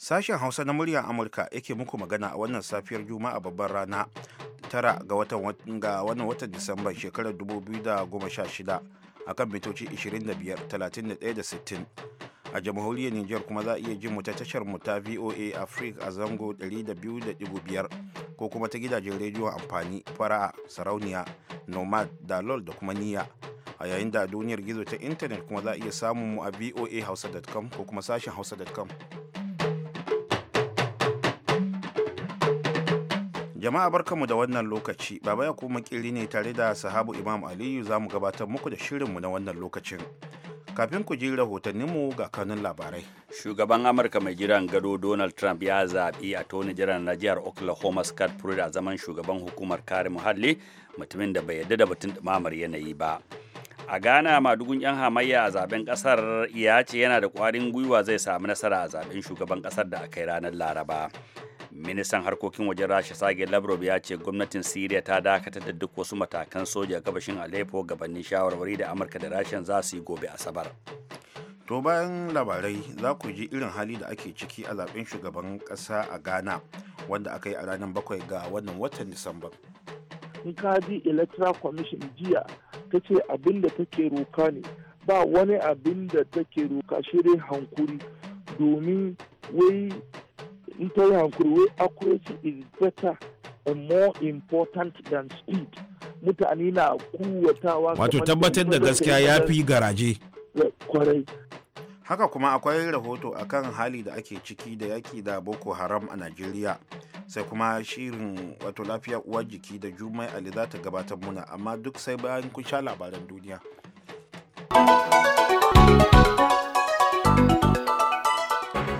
Sashen Hausa na muryar Amurka yake muku magana a wannan safiyar Juma'a babbar rana tara ga watan ga wannan watan Disamba shekarar 2016 akan mitoci 25 31 da 60 a jamhuriyar Nijar kuma za a iya jin mu ta tashar mu ta VOA Africa a zango 200.5 ko kuma ta gidajen rediyon amfani fara'a sarauniya nomad dalol da kuma niyya a yayin da duniyar gizo ta intanet kuma za a iya samun mu a voa hausa.com ko kuma sashen hausa.com Jama'a barkanmu da wannan lokaci, Baba ya kuma kiri ne tare da sahabu Imam Aliyu za mu gabatar muku da shirinmu na wannan lokacin. Kafin ku ji rahotanninmu ga kanun labarai. Shugaban Amurka mai jiran gado Donald Trump ya zaɓi a toni jiran na jihar Oklahoma Scott Pruitt a zaman shugaban hukumar kare muhalli mutumin da bai yarda da batun ɗumamar yanayi ba. a ghana madugun yan hamayya a zaben kasar ya ce yana da kwarin gwiwa zai samu nasara a zaben shugaban kasar da aka yi ranar laraba ministan harkokin wajen rasha sage lavrov ya ce gwamnatin siriya ta dakatar da duk wasu matakan soja gabashin aleppo gabanin shawarwari da amurka da rashin za su yi gobe asabar to bayan labarai za ku ji irin hali da ake ciki a zaben shugaban kasa a ghana wanda aka yi a ranar bakwai ga wannan watan disamba in ka ji electoral commission jiya ta ce abin da take roka ne ba wani abin da take roka shirin hankuri domin wai in accuracy is better and more important than speed wato tabbatar da gaskiya ya fi garaje haka kuma akwai rahoto akan hali da ake ciki da yaki da boko haram a najeriya sai kuma shirin wato lafiya uwa jiki da jumai ali za ta gabatar muna amma duk sai bayan kun sha labaran duniya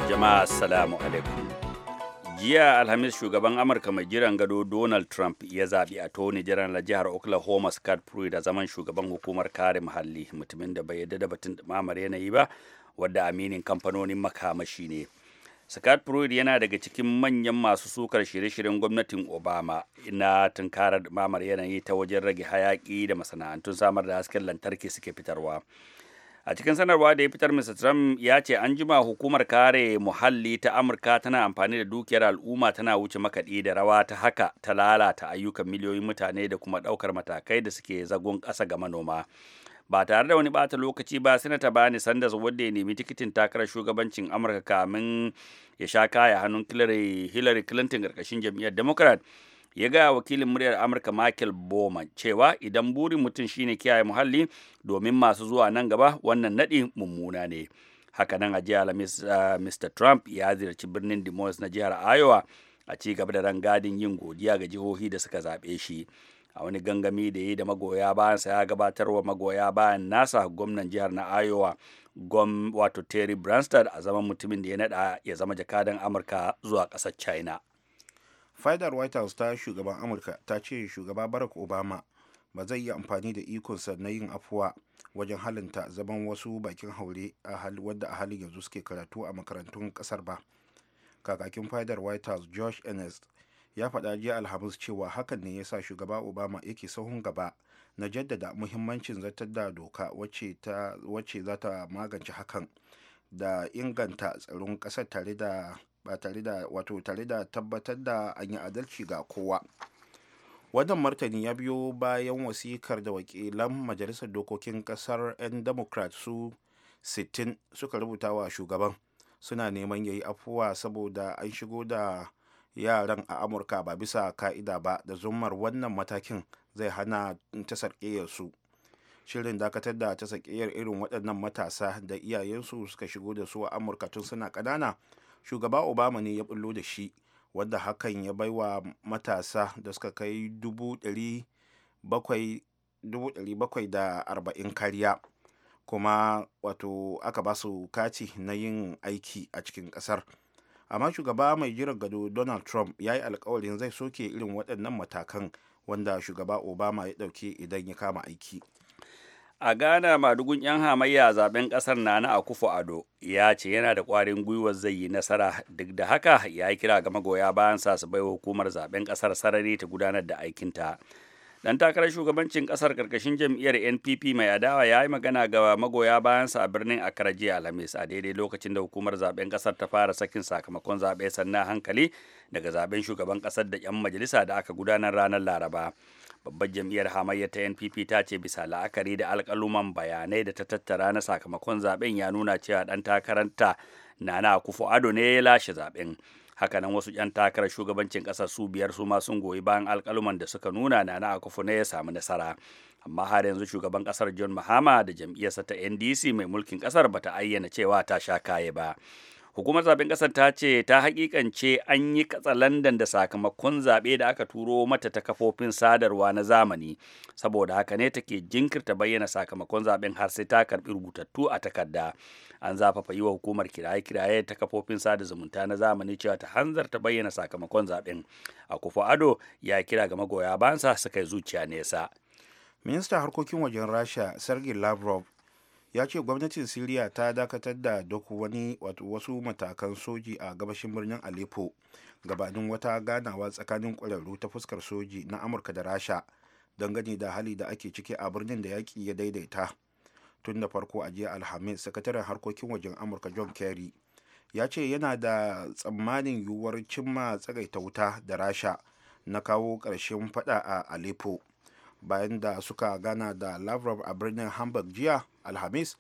jama'a salamu alaikum jiya alhamis shugaban amurka mai jiran gado donald trump ya zaɓi a tony jiran jihar oklahoma scott pruitt da zaman shugaban hukumar kare muhalli mutumin da bai yadda da batun ɗumamar yanayi ba wadda aminin kamfanonin makamashi ne scott pruitt yana daga cikin manyan masu sukar shirye-shiryen gwamnatin obama na tunkarar ɗumamar yanayi ta wajen rage hayaƙi da masana'antun samar da hasken lantarki suke fitarwa a cikin sanarwa da ya fitar mr trump ya ce an jima hukumar kare muhalli ta amurka tana amfani da dukiyar al'umma tana wuce makaɗi da rawa ta haka ta lalata ayyukan miliyoyin mutane da kuma ɗaukar matakai da suke zagon ƙasa ga manoma ba tare da wani bata lokaci ba sanata bani sanders wadda ya nemi tikitin takarar shugabancin amurka kamin ya sha kaya hannun hillary clinton ƙarƙashin jam'iyyar democrat ya gaya wakilin muryar amurka michael bowman cewa idan burin mutum shine kiyaye muhalli domin masu zuwa nan gaba wannan naɗi mummuna ne hakanan a jiya alhamis ah, mr trump ya ziyarci birnin des na jihar iowa a ci gaba da rangadin yin godiya ga jihohi da suka zaɓe shi a wani gangami da ya yi da magoya bayansa ya gabatar wa magoya bayan nasa gwamnan jihar na iowa gwam wato terry branstad a zaman mutumin da ya nada ya zama jakadan amurka zuwa ƙasar china fadar white house ta shugaban amurka ta ce shugaba barack obama ba zai yi amfani da ikonsa na yin afuwa wajen halinta zaman wasu bakin haure wadda a halin yanzu suke karatu a makarantun kasar ba kakakin fadar white house josh ernest ya faɗa jiya alhamis cewa hakan ne ya sa shugaba obama yake sahun gaba na jaddada muhimmancin zartar da doka wacce za ta magance hakan da inganta tsaron ƙasar tare da ba tare da wato tare da tabbatar da an yi adalci ga kowa wannan martani ya biyo bayan wasikar da wakilan majalisar dokokin kasar 'yan democrat su 60 suka rubuta wa shugaban suna neman ya yi afuwa saboda an shigo da yaran a amurka ba bisa ka'ida ba da zumar wannan matakin zai hana ta su shirin dakatar da ta irin waɗannan matasa da iyayensu suka shigo da su a amurka tun suna ƙanana shugaba obama ne ya bullo da shi wadda hakan ya bai wa matasa da suka kai 740 kariya kuma wato aka ba su kati na yin aiki a cikin kasar amma shugaba mai jiran gado donald trump ya yi alkawarin zai soke irin waɗannan matakan wanda shugaba obama ya ɗauke idan ya kama aiki a ghana madugun 'yan hamayya a zaben kasar na na akufo ado ya ce yana da kwarin gwiwar zai yi nasara duk da haka ya kira ga magoya bayan sa su baiwa hukumar zaben kasar sarari ta gudanar da aikinta dan takarar shugabancin kasar karkashin jam'iyyar npp mai adawa ya yi magana ga magoya bayan sa a birnin accra jiya alhamis a daidai lokacin da hukumar zaben kasar ta fara sakin sakamakon zaɓe sannan hankali daga zaben shugaban kasar da 'yan majalisa da aka gudanar ranar laraba babbar jam'iyyar hamayya ta npp ta ce bisa la'akari da alkaluman bayanai da ta tattara na sakamakon zaben ya nuna cewa ɗan takaranta nana kufu ado ne ya lashe zaben nan wasu 'yan takarar shugabancin ƙasar su biyar su ma sun goyi bayan alkaluman da suka nuna nana kufu ne ya samu nasara amma har yanzu shugaban ƙasar john mahama da jam'iyyarsa ta ndc mai mulkin ƙasar bata ayyana cewa ta sha kaye ba hukumar zaben kasar ta ce ta hakikance an yi katsalandan da sakamakon zaɓe da aka turo mata ta kafofin sadarwa na zamani saboda haka ne take jinkirta bayyana sakamakon zaben har sai ta karɓi rubutattu a takarda an zafafa yi wa hukumar kiraye-kiraye ta kafofin sada zumunta na zamani cewa ta hanzarta bayyana sakamakon zaben a kufa ado ya kira ga magoya bansa su kai zuciya nesa ministan harkokin wajen rasha sergei lavrov ya ce gwamnatin siriya ta dakatar da duk wani wasu matakan soji a gabashin birnin aleppo gabanin wata ganawa tsakanin ƙwararru ta fuskar soji na amurka da rasha gani da hali da ake ciki a birnin da yaƙi ya daidaita tun da farko a jiya alhamis sakataren harkokin wajen amurka john kerry ya ce yana da tsammanin yiwuwar cimma tsagaita wuta da rasha na kawo ƙarshen faɗa a aleppo bayan da suka gana da lavrov a birnin hamburg jiya alhamis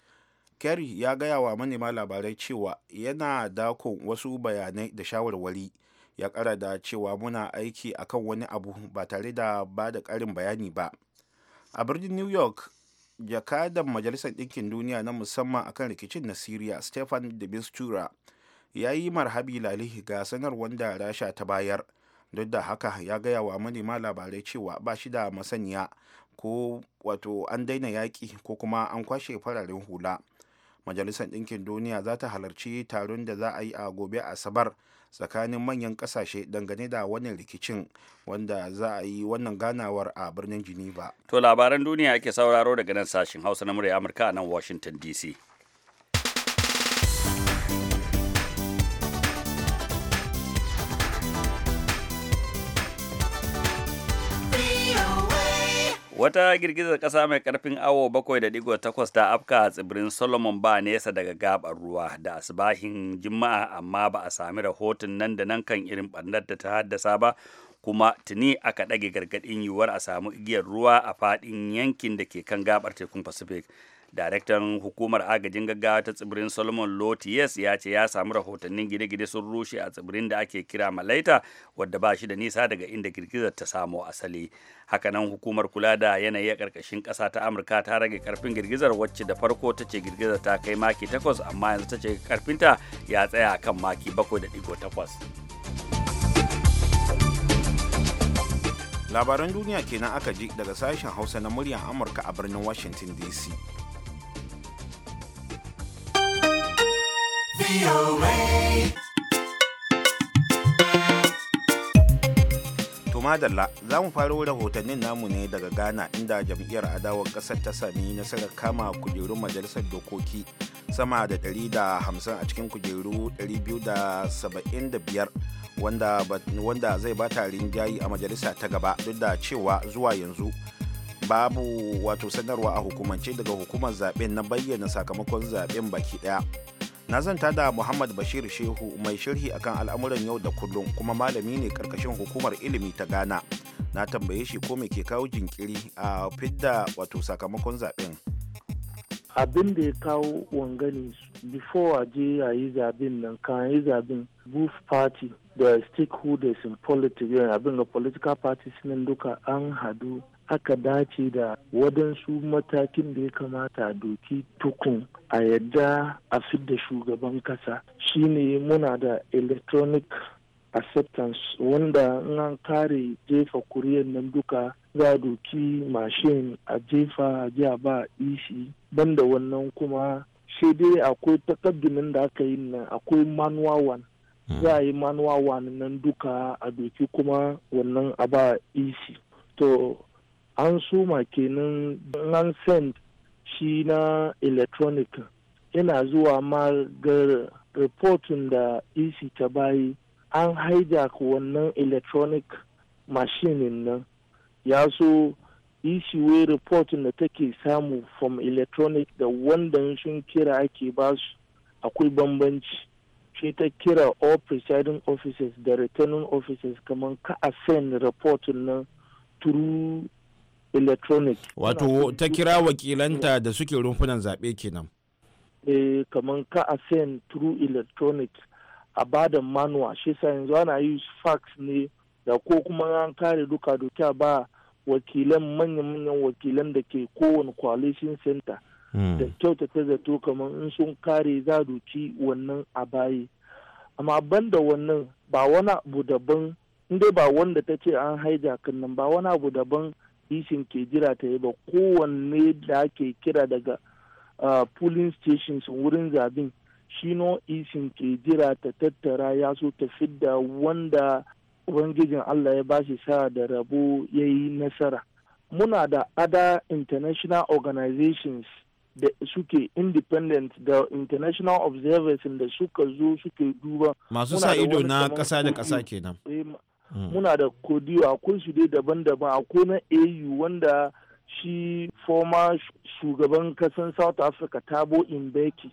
kerry ya gaya wa manema labarai cewa yana dakon wasu bayanai da shawarwari ya kara da cewa muna aiki akan wani abu ba tare da ba da karin bayani ba a birnin new york jakadan majalisar ɗinkin duniya na musamman akan rikicin na syria stefan de mistura ya yi marhabi lalihi ga sanar wanda rasha ta bayar duk da haka ya gaya wa manema labarai cewa ba shi da masaniya ko wato an daina yaƙi ko kuma an kwashe fararen hula majalisar ɗinkin duniya za ta halarci taron da za a yi a gobe asabar tsakanin manyan ƙasashe dangane da wannan rikicin wanda za a yi wannan ganawar a birnin geneva to labaran duniya ake sauraro daga nan sashen hausa na murya amurka a nan washington dc Wata girgizar ƙasa mai ƙarfin awo da bakwai digo takwas ta afka a tsibirin Solomon ba nesa daga gabar ruwa da asibahin Juma'a amma ba a sami rahoton nan da nan kan irin ɓarnar da ta haddasa ba kuma tuni aka ɗage gargaɗin yiwuwar a samu igiyar ruwa a faɗin yankin da ke kan gabar tekun Pacific. daraktan hukumar agajin gaggawa ta tsibirin solomon lotiyes ya ce ya samu rahotannin gine-gine sun rushe a tsibirin da ake kira malaita wadda ba shi da nisa daga inda girgizar ta samo asali hakanan hukumar kula da yanayi a ƙarƙashin ƙasa ta amurka ta rage karfin girgizar wacce da farko ta ce girgizar ta kai maki takwas amma yanzu ta ce karfinta ya tsaya kan maki bakwai da digo takwas labaran duniya kenan aka ji daga sashen hausa na muryar amurka a birnin washington dc madalla za mu faro rahotannin namu ne daga ghana inda jam'iyyar adawar ƙasar ta sami nasarar kama kujerun majalisar dokoki sama da 150 a cikin kujeru 275 wanda, wanda zai bata rinjayi a majalisa ta gaba duk da cewa zuwa yanzu babu wato sanarwa a hukumance daga hukumar zaben na bayyana sakamakon zaben baki daya na zanta da muhammad bashir shehu mai sharhi akan al'amuran yau da kullum kuma malami ne karkashin hukumar ilimi ta ghana na tambaye shi ko me ke kawo jinkiri a fidda wato sakamakon zaben abin da ya kawo wangane before a je a yi zaben nan kan yi zaben booth party da stakeholders in politics abin da political parties nan duka an hadu aka dace da wadansu matakin da ya kamata a doki tukun a yadda a da shugaban kasa shine muna da electronic acceptance wanda in an kare jefa kuriyar nan duka za a doki mashin a jefa a ba ishi e banda wannan kuma sai dai akwai takaddumin da aka yi nan akwai manuwa hmm. za a yi manuwa wan nan duka a doki kuma wannan a ba ishi e to an suma kenan lancet shi na electronic yana zuwa ma ga reportin da ec ta bayi an haida wannan electronic machine nan ya so ec way reportin da take samu from electronic da wanda sun kira ake basu akwai bambanci shi ta kira all presiding officers da returning officers kamar ka a send reportin nan through electronic wato ta kira wakilanta da suke rumfunan zaɓe kenan eh kamar ka a send through electronic a bada manual shi sa yanzu ana yi fax ne da ko kuma an kare duka duka ba wakilan manya-manyan wakilan da ke kowane coalition center hmm. da kyautata zato kamar in sun kare za duki wannan a bayi amma banda wannan ba wani abu daban inda ba wanda ta ce an kan nan ba wani abu daban ishin ke jira ta yi ba kowanne da ake kira daga polling stations wurin zabin shino isin ke jira ta tattara ya so ta fidda wanda ubangijin allah ya bashi sa da rabo ya yi nasara muna da ada international organizations da suke independent da international observers da suka zo suke duba masu sa ido na kasa da kasa kenan eh, Mm. muna da kodiyo a su dai daban-daban akwai na au wanda shi former shugaban kasan south africa tabo imbeki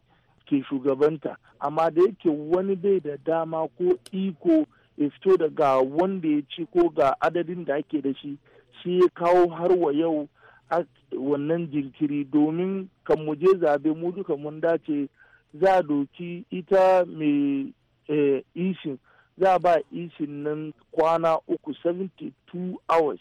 ke shugabanta amma da yake wani bai da dama ko iko ya fito daga wanda ya ci ko ga adadin da ake da shi shi ya kawo har wa yau a wannan jinkiri domin kan muje zabe mu duka mun dace za a doki ita mai eh, ishin za ba ishin nan kwana uku 72 hours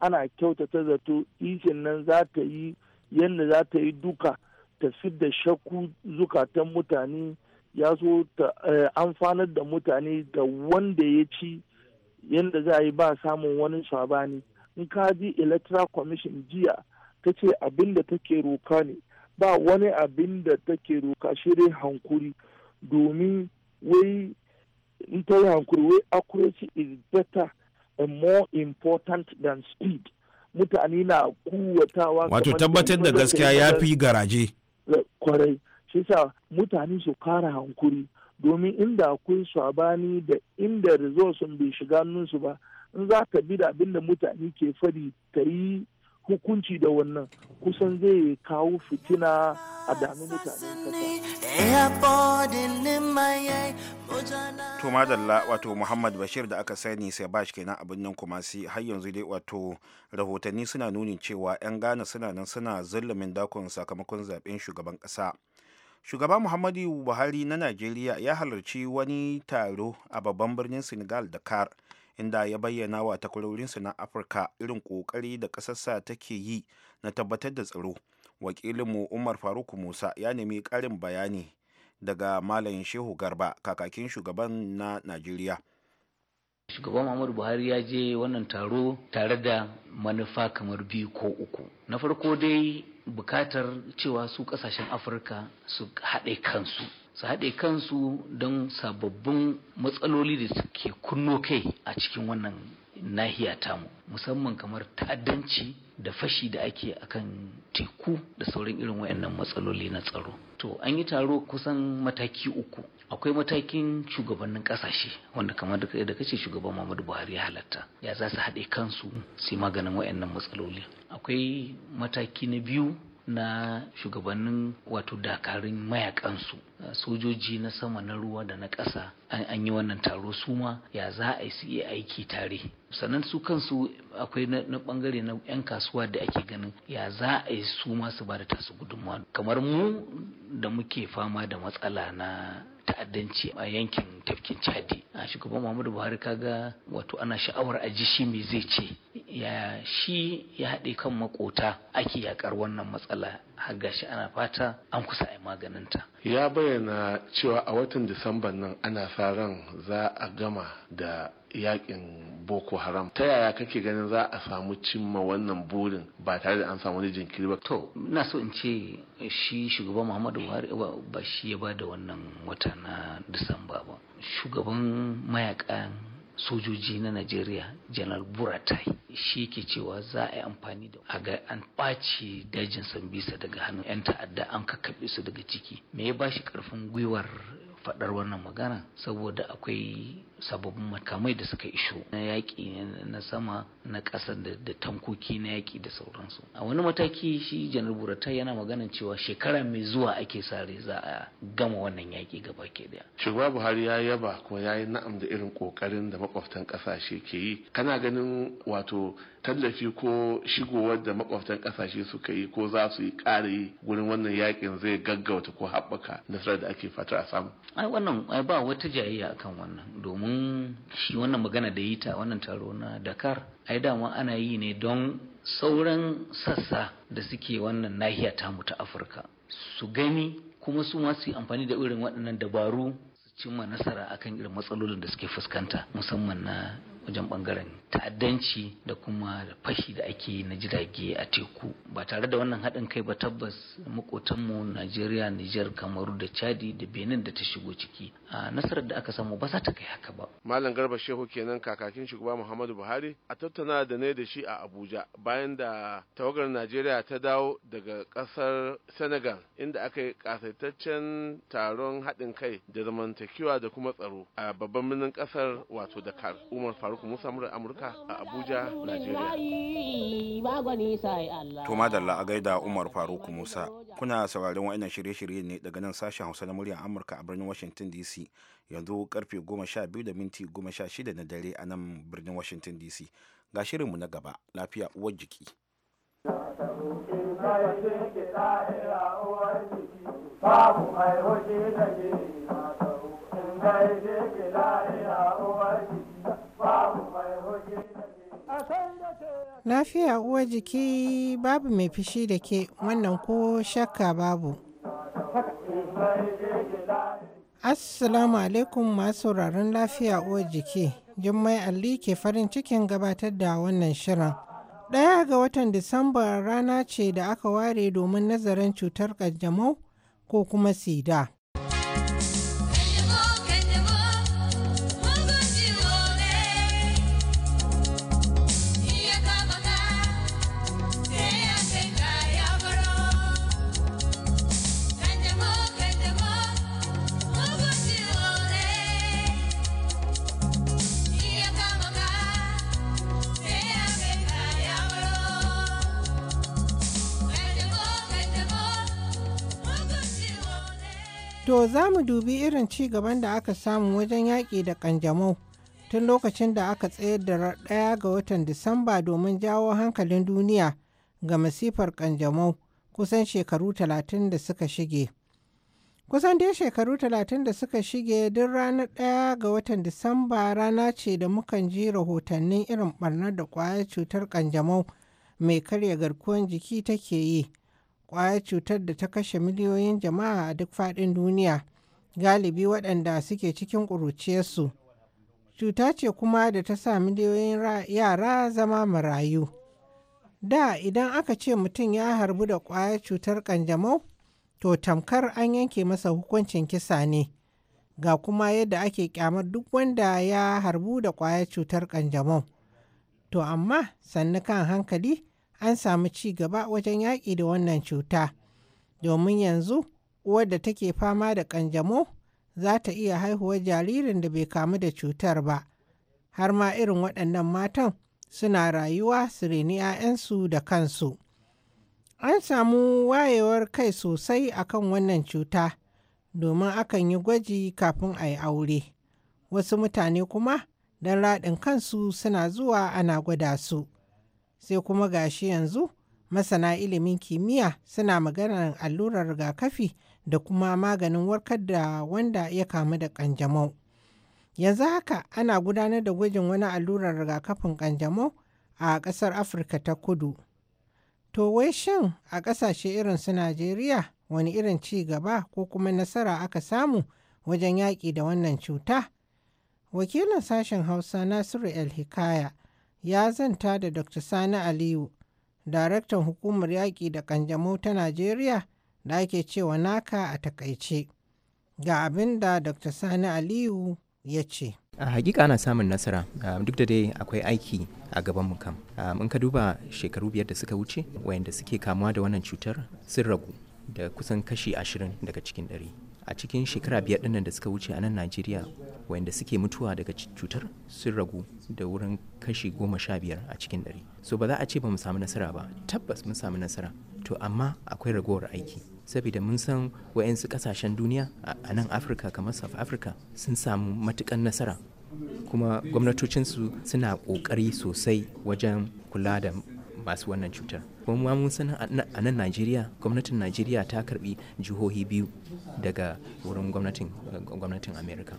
ana kyautata zato ishin nan za ta yi yadda za ta yi duka ta da shakku zukatan mutane ya zo ta eh, amfanar da mutane da wanda ya ci yadda za a yi ba samun wani sabani in ka ji electoral commission jiya ta ce abin da take roka ne ba wani abin da take roka shirin hankuri domin wai nta yi hankuri wai accuracy is better and more important than speed mutane na kuwatawa wato tabbatar da gaskiya ya fi garaje eh, kwarai shi sa mutane su kara hankuri domin inda akwai sabani da inda sun bai shiga nunsu ba in za ka bi da abin da mutane ke fadi ta yi hukunci da wannan kusan zai kawo fitina a dami mutane kasa. To madalla wato Muhammad Bashir da aka sani sai ba shi kenan a birnin Kumasi har yanzu dai wato rahotanni suna nuni cewa 'yan gana suna nan suna zulumin dakon sakamakon zaben shugaban kasa Shugaba Muhammadu Buhari na Najeriya ya halarci wani taro a babban birnin Senegal da kar inda ya bayyana wa takwarorinsu na afirka irin ƙoƙari da ƙasarsa take yi na tabbatar da tsaro wakilinmu umar faruk musa ya nemi ƙarin bayani daga malam shehu garba kakakin shugaban na najeriya shugaban muhammadu buhari ya je wannan taro tare da manufa kamar biyu ko uku na farko dai bukatar cewa su kasashen afirka su haɗe kansu su haɗe kansu don sababbin matsaloli da suke kunno kai a cikin wannan nahiya tamu musamman kamar ta'addanci da fashi da ake a kan teku da sauran irin wayannan matsaloli na tsaro to an yi taro kusan mataki uku akwai matakin shugabannin kasashe wanda kamar da kace shugaban Muhammadu Buhari ya halatta ya za su haɗe kansu su maganin wayannan matsaloli akwai mataki na biyu na shugabannin wato dakarun mayakansu sojoji na sama na ruwa da na ƙasa an yi wannan taro su ma ya za a su iya aiki tare sannan su kansu akwai na bangare na 'yan kasuwa da ake ganin ya za a yi su ma su ba da tasu gudunmawa kamar mu da muke fama da matsala na ta'addanci a yankin tafkin chadi a shugaban muhammadu buhari kaga wato ana sha'awar a ji shi me zai ce ya shi ya haɗe kan makota ake yaƙar wannan matsala har gashi ana fata an kusa a maganinta. Ya bayyana cewa a watan Disamban nan ana sa ran za a gama da yaƙin Boko Haram. Ta yaya kake ganin za a samu cimma wannan burin ba tare da an samu wani jinkiri ba? To, ina so in ce shi shugaban Muhammadu Buhari ba shi ya ba da wannan wata na Disamba ba. Shugaban mayaka. sojoji na Najeriya general Buratai shi ke cewa za a yi amfani da a ga an ɓaci dajin Sambisa daga hannun 'yan ta'adda an kakkaɓe su daga ciki me ya bashi ƙarfin gwiwar faɗar wannan magana saboda akwai sababbin makamai da suka isho na yaƙi na sama na ƙasa da tankoki na yaƙi da sauransu a wani mataki shi janar buratai yana magana cewa shekara mai zuwa ake sare za a gama wannan yaƙi gaba ke daya shugaba buhari ya yaba kuma ya yi na'am da irin ƙoƙarin da makwabtan ƙasashe ke yi kana ganin wato tallafi ko shigowar da makwabtan ƙasashe suka yi ko za su yi ƙari wurin wannan yaƙin zai gaggauta ko haɓaka nasarar da ake fata a samu ai wannan ai ba wata jayayya akan wannan domin domin shi wannan magana da yi ta wannan taro na dakar ai dama ana yi ne don sauran sassa da suke wannan nahiya tamu ta afirka su gani kuma su ma su yi amfani da irin waɗannan dabaru su cimma nasara akan irin matsalolin da suke fuskanta musamman na wajen ɓangaren ta'addanci da kuma fashi da ake na jirage a teku ba tare da wannan haɗin kai ba tabbas makotanmu najeriya nijar kamaru da chadi da benin da ta shigo ciki a nasarar da aka samu ba za ta kai haka ba malam garba shehu kenan kakakin shugaba muhammadu buhari a tattauna da ne da shi a abuja bayan da tawagar najeriya ta dawo daga ƙasar senegal inda aka yi ƙasaitaccen taron haɗin kai da zamantakewa da kuma tsaro a babban birnin ƙasar wato dakar umar faruk musa murar amurka haka a Abuja, nigeria. To madalla a gaida Umar Faruk Musa. Kuna sauraron wa'annan shirye-shirye ne daga nan sashen Hausa na muryar Amurka a birnin Washington DC. Yanzu karfe 12 da minti 16 na dare a nan birnin Washington DC. Ga shirinmu na gaba, lafiya uwar lafiya uwar jiki. Lafiya uwar jiki babu mai fishi da ke wannan ko shakka babu. Assalamu alaikum masu sauraron lafiya uwar jiki. Jummai alli ke farin cikin gabatar da wannan shirin. Ɗaya ga watan Disamba rana ce da aka ware domin nazarin cutar ƙanjamau ko kuma sida. To za mu dubi irin ci gaban da aka samu wajen yaƙi da ƙanjamau tun lokacin da aka tsayar da ɗaya ga watan Disamba domin jawo hankalin duniya ga masifar ƙanjamau kusan shekaru talatin da suka shige. Kusan dai shekaru talatin da suka shige duk ranar ɗaya ga watan Disamba rana ce da mukan ji rahotannin irin ɓarnar da ƙwayar cutar ƙanjamau mai karya garkuwar jiki take yi. Kwaya cutar da ta kashe miliyoyin jama'a a duk faɗin duniya galibi waɗanda suke cikin ƙuruciyarsu cuta ce kuma da ta sa miliyoyin yara zama marayu da idan aka ce mutum ya harbu da ƙwayar cutar ƙanjamau to tamkar an yanke masa hukuncin kisa ne ga kuma yadda ake kyamar duk wanda ya harbu da ƙwayar cutar ƙanjamau to amma sannu kan hankali an samu ci gaba wajen yaƙi da wannan cuta domin yanzu uwar da take fama da ƙanjamo za ta iya haihuwar jaririn da bai kamu da cutar ba har ma irin waɗannan matan suna rayuwa su reni 'ya'yansu da kansu an samu wayewar kai sosai akan wannan cuta domin akan yi gwaji kafin a yi aure wasu mutane kuma don raɗin kansu suna zuwa ana gwada su. sai kuma gashi yanzu masana ilimin kimiyya suna maganar allurar rigakafi da kuma maganin warkar da wanda ya kamu da ƙanjamau. Yanzu haka ana gudanar da gwajin wani allurar rigakafin ƙanjamau a ƙasar Afirka ta kudu. To wai shin a ƙasashe irin su Najeriya wani irin ci gaba ko kuma nasara aka samu wajen yaƙi da wannan cuta? Wakilin sashen Hausa Nasiru El Hikaya ya zanta da Dr. Sani Aliyu, daraktan hukumar yaƙi da ƙanjamau ta Najeriya da ake cewa naka a takaice. Ga abin da Dr. Sani Aliyu ya ce. a hakika ana samun nasara duk da dai akwai aiki a gaban mu kam in ka duba shekaru biyar da suka wuce wayanda suke kamuwa da wannan cutar sun ragu da kusan kashi ashirin daga cikin ɗari a cikin shekara biyar ɗinnan da suka wuce a nan najeriya wanda suke mutuwa daga cutar sun ragu da wurin kashi goma sha biyar a cikin ɗari so ba za a ce ba mu samu nasara ba tabbas mun samu nasara to amma akwai ragowar aiki saboda mun san wayansu kasashen duniya a nan afirka kamar south africa sun samu matukan nasara kuma gwamnatocinsu suna ƙoƙari sosai wajen kula da masu wannan cutar kuma mun san a nan najeriya gwamnatin najeriya ta karbi jihohi biyu daga wurin gwamnatin america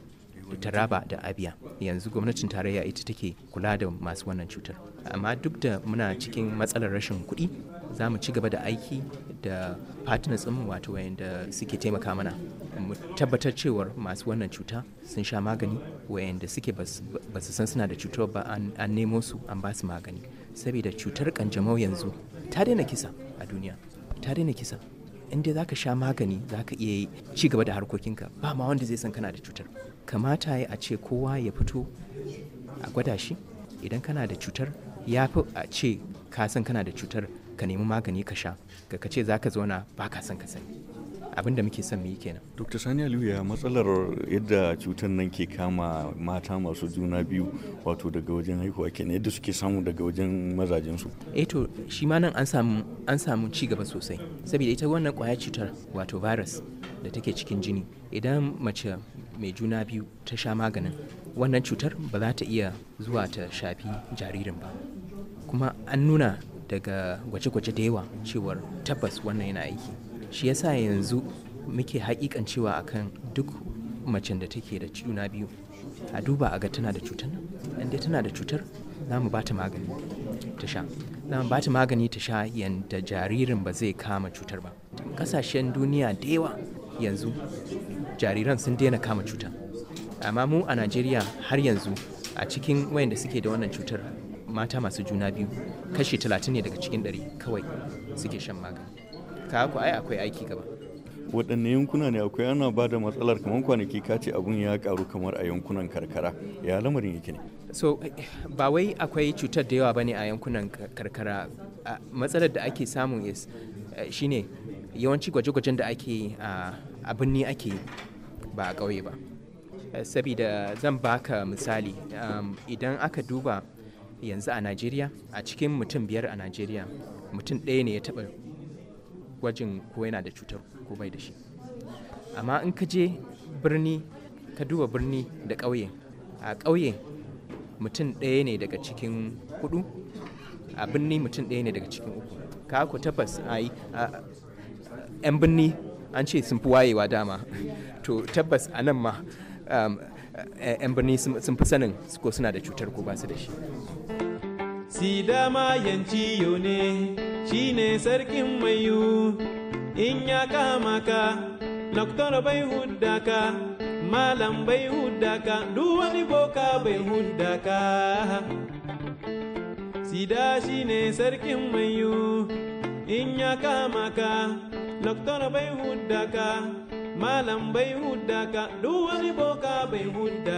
taraba da abia yanzu gwamnatin tarayya ita take kula da masu wannan cutar amma duk da muna cikin matsalar rashin kuɗi za mu ci gaba da aiki da fatina ɗinmu wato wayanda suke taimaka mana mu tabbatar cewar masu wannan cuta sun sha magani wayanda suke ba su san suna da cutar ba an nemo su an ba su magani saboda cutar kanjamau yanzu ta daina kisa a duniya ta daina kisa inda za ka sha magani za ka iya ci gaba da harkokinka ba ma wanda zai san kana da cutar kamata ya a ce kowa ya fito a gwada shi idan kana da cutar ya fi a ce ka kana da cutar ka nemi magani ka sha ka ka ce za ka zauna ba ka san ka sani abin da muke son mu yi kenan. Dr. Sani Aliyu ya matsalar yadda cutar nan ke kama mata masu juna biyu wato daga wajen haihuwa kenan yadda suke samu daga wajen mazajen su. Eh to shi ma nan an samu an ci gaba sosai saboda ita wannan kwaya cutar wato virus da take cikin jini idan mace mai juna biyu ta sha maganin wannan cutar ba za ta iya zuwa ta shafi jaririn ba kuma an nuna daga gwaje-gwaje da yawa cewar tabbas wannan yana aiki shi yasa yanzu muke hakikan cewa akan duk macen da take da juna biyu a duba a ga tana da cutar nan dai tana da cutar za mu ba ta magani ta sha za mu ba ta magani ta sha yadda jaririn ba zai kama cutar ba kasashen duniya da yawa yanzu jariran sun daina kama cutar amma mu a najeriya har yanzu a cikin wayanda suke da wannan cutar mata masu juna biyu kashi 30 ne daga cikin 100 kawai suke shan magani ka ku ai akwai aiki gaba waɗanne yankuna ne akwai ana ba da matsalar kamar kwanaki ka ce abun ya karu kamar a yankunan karkara ya lamarin yake ne so ba wai akwai cutar da yawa bane a yankunan karkara matsalar da ake samu is eh, shine yawanci gwaje-gwajen da ake a ah, a birni ake yi ba a ƙauye ba eh, saboda zan baka misali um, idan aka duba yanzu a najeriya a cikin mutum biyar a najeriya mutum ɗaya ne ya taɓa gwajin ko yana da cutar ko bai da shi amma in ka je birni ka duba birni da ƙauye a ƙauye mutum ɗaya ne daga cikin hudu a birni mutum ɗaya ne daga cikin uku ka ku tabbas a yi 'yan birni an ce sun fi wayewa dama to tabbas a nan ma um, 'yan birni sun fi sanin ko suna da cutar ko ba da shi sida dama yanci ne shi ne sarkin mayu in ya kama ka doktor bai hudda ka malam bai hudda ka duk wani boka bai hudda ka sida shi ne sarkin mayu in ya kama ka doktor bai hudda malam bai hudda ka duk wani boka bai hudda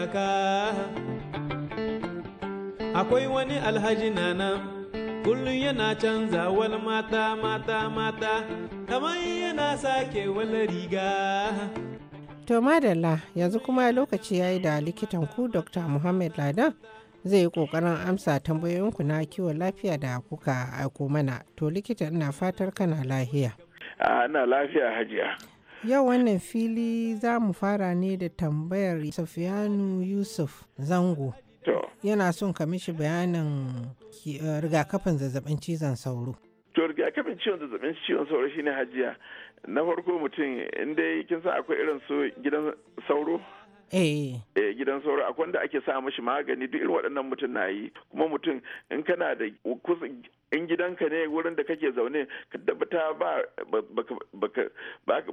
akwai wani alhaji nana kullum yana canzawar mata mata mata kamar yana sake wani riga to madalla yanzu kuma lokaci ya yi da likitan ku dr muhammad ladan zai yi kokarin amsa tambayoyinku na kiwon lafiya da kuka aiko mana to likita ina fatar kana lafiya ina lafiya hajiya yau wannan fili za mu fara ne da tambayar safiyanu yusuf zango yana son ka mishi bayanin eh, rigakafin zazzabin cizon sauro to rigakafin ciwon zazzabin ciwon sauro shine hajiya na farko mutum inda kin san akwai irin su gidan sauro Eh. eh gidan sauro akwai wanda ake sa mashi magani duk irin waɗannan mutum na yi kuma mutum in kana da in gidanka ne wurin da kake zaune ka tabbata ba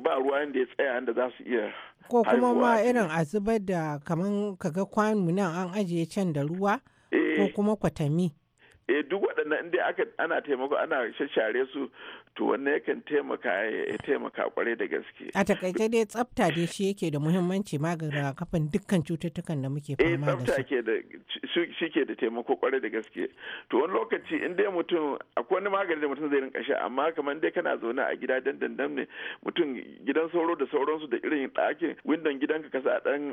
ba ruwa da ya tsaya inda za su iya ko kuma ma irin a zubar da kaman kaga kwanu nan an ajiye can da ruwa eh. ko kuma kwatami eh duk waɗannan inda aka ana taimako ana shashare su to wannan yakan taimaka ya taimaka kwarai da gaske a takaice dai tsafta dai shi yake da muhimmanci maganin kafin dukkan cututtukan da muke fama eh, da su eh tsafta ke da shi ke da taimako kwarai da gaske to wani lokaci in dai mutum akwai wani magani da mutum zai rinka sha amma kamar dai kana zaune a gida dandan ne mutum gidan sauro da sauransu da irin ɗakin windon gidanka kasa a ɗan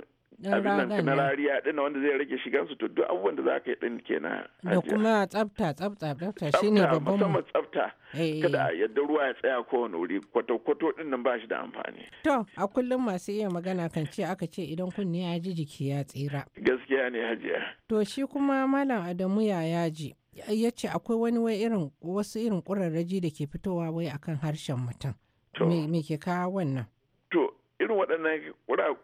abin nan na rariya ɗin wanda zai rage shigansu to duk abubuwan da za ka yi ɗin kenan da kuma tsafta tsafta tsafta shine babban musamman tsafta eh. kada yadda ruwa ya tsaya ko kowane wuri kwato-kwato din nan ba shi da amfani to a kullum masu iya magana kan ce aka ce idan kunne ya ji jiki ya tsira gaskiya ne hajiya to shi kuma malam adamu ya yaji ya ce akwai wani wai irin wasu irin ƙurarraji da ke fitowa wai akan harshen mutum me ke kawo wannan irin waɗannan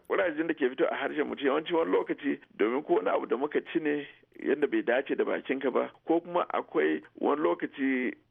ƙurajen da ke fito a harshen mutum yawanci wani lokaci domin ko wani abu da muka ci ne yadda bai dace da bakinka ba ko kuma akwai wani lokaci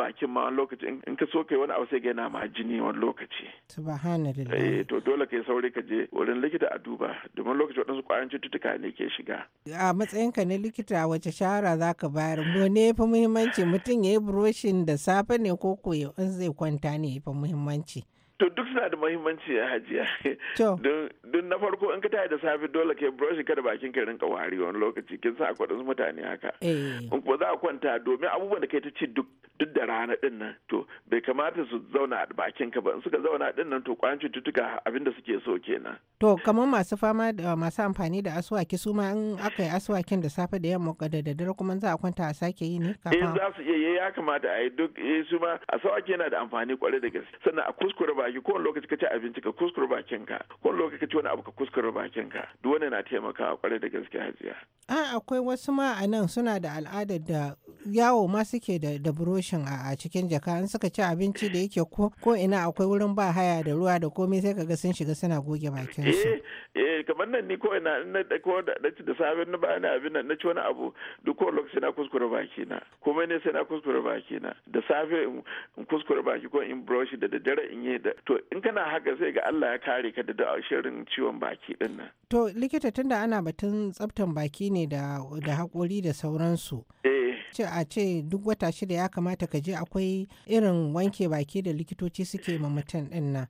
bakin ma lokaci in ka so kai wani abu sai ga yana ma jini wani lokaci subhanallah eh to dole kai saurayi ka je wurin likita a duba domin lokaci waɗansu ƙwayan cututtuka ne ke shiga a matsayinka na likita wace shawara zaka bayar mu ne fa muhimmanci mutum ya yi buroshin da safe ne ko ko in zai kwanta ne ya fi muhimmanci to duk suna da muhimmanci ya hajiya don na farko in ka tayi da safe dole ka yi brushing kada bakin ka rinka wari wani lokaci kin sa akwai mutane haka eh. in kuma za a kwanta domin abubuwan da kai ta ci duk duk da rana din nan to bai kamata su zauna a bakin ka ba in suka zauna din nan to kwanci cututtuka abin da suke so kenan to kamar masu fama da masu amfani da aswaki su ma in aka yi aswakin da safe da yamma da dare kuma za a kwanta a sake yi ne eh za su iya eh, ya kamata a yi duk eh su ma aswaki yana da amfani kwarai da gaske sannan a kuskure baki kowane lokaci ka ci abinci ka kuskure bakin ka kowane lokaci ka ci wani abu ka kuskure bakin ka duk wannan na taimakawa kwarai da gaske hajiya a akwai wasu ma a nan suna da al'adar da yawo ma suke da buroshi rashin a cikin jaka in suka ci abinci da yake ko ko ina akwai wurin ba haya da ruwa da komai sai kaga sun shiga suna goge bakin su eh eh kamar nan ni ko ina na ko da ci da safe na ba abin nan na ci wani abu duk ko lokaci na kuskure baki na komai ne sai na kuskure baki na da safe in kuskure baki ko in brush da daddare in yi da to in kana haka sai ga Allah ya kare ka da shirin ciwon baki din nan to likita tunda ana batun tsaftan baki ne da da hakuri da sauransu eh ce a ce duk wata shida ya kamata ka je akwai irin wanke baki da likitoci suke ma mutum ɗin nan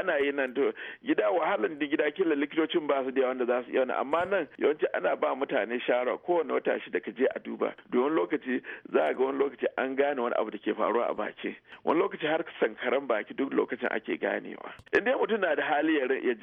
ana yin nan to gida wahalan da gida kila likitocin ba su da yawan da za su iya wani amma nan yawanci ana ba mutane shara kowane wata shida ka je a duba domin lokaci za ga wani lokaci an gane wani abu da ke faruwa a baki wani lokaci har sankaran baki duk lokacin ake ganewa in mutum na da hali ya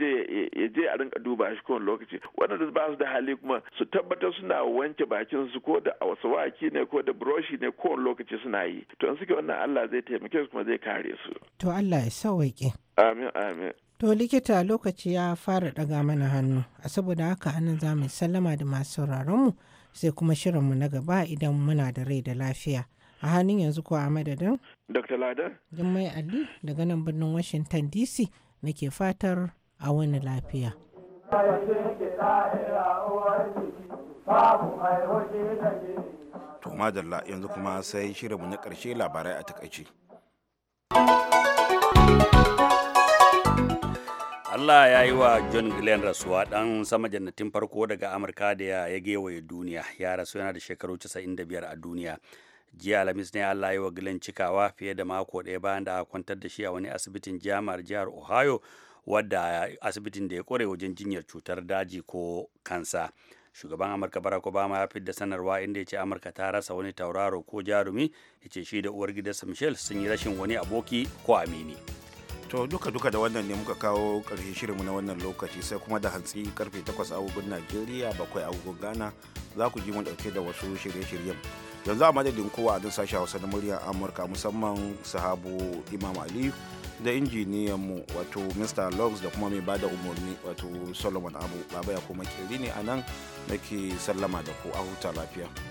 je a rinka duba shi kowane lokaci waɗanda ba su da hali kuma su tabbatar suna wanke bakin su ko da waki ne ko da buroshi ne kowane lokaci suna yi to in suke wannan Allah zai taimake su kuma zai kare su to Allah ya sauwaƙe Amin, amin. To likita lokaci ya fara ɗaga mana hannu, a saboda haka anan za mu sallama da masu sauraronmu sai kuma shirinmu na gaba idan muna da rai da lafiya. A hannun yanzu ko a madadin? Dr. Lada. Jummai Ali daga nan birnin Washington DC nake fatar a wani lafiya. To madalla yanzu kuma sai shirinmu na ƙarshe labarai a takaice. Allah ya yi wa John Glenn rasuwa ɗan sama jannatin farko daga Amurka da ya gewaye duniya ya rasu yana da shekaru 95 a duniya. Jiya Alhamis ne Allah ya yi wa Glenn cikawa fiye da mako ɗaya bayan da aka kwantar da shi a wani asibitin jami'ar jihar Ohio wadda asibitin da ya kware wajen jinyar cutar daji ko kansa. shugaban amurka barack obama ya fidda sanarwa inda ya ce amurka ta rasa wani tauraro ko jarumi ya ce shi da uwar gidansa michelle sun yi rashin wani aboki ko amini to duka-duka da wannan ne muka kawo ƙarshe shirinmu na wannan lokaci sai kuma da hantsi karfe 8 agogon najeriya bakwai agogon ghana za ku ji mu ɗauke da wasu shirye-shiryen yanzu a madadin kowa a duk sashen hausa na muryar amurka musamman sahabu imam ali da injiniyan mu wato mr logs da kuma mai bada umarni wato solomon abu baba ya kuma ne a nan nake sallama da ku a huta lafiya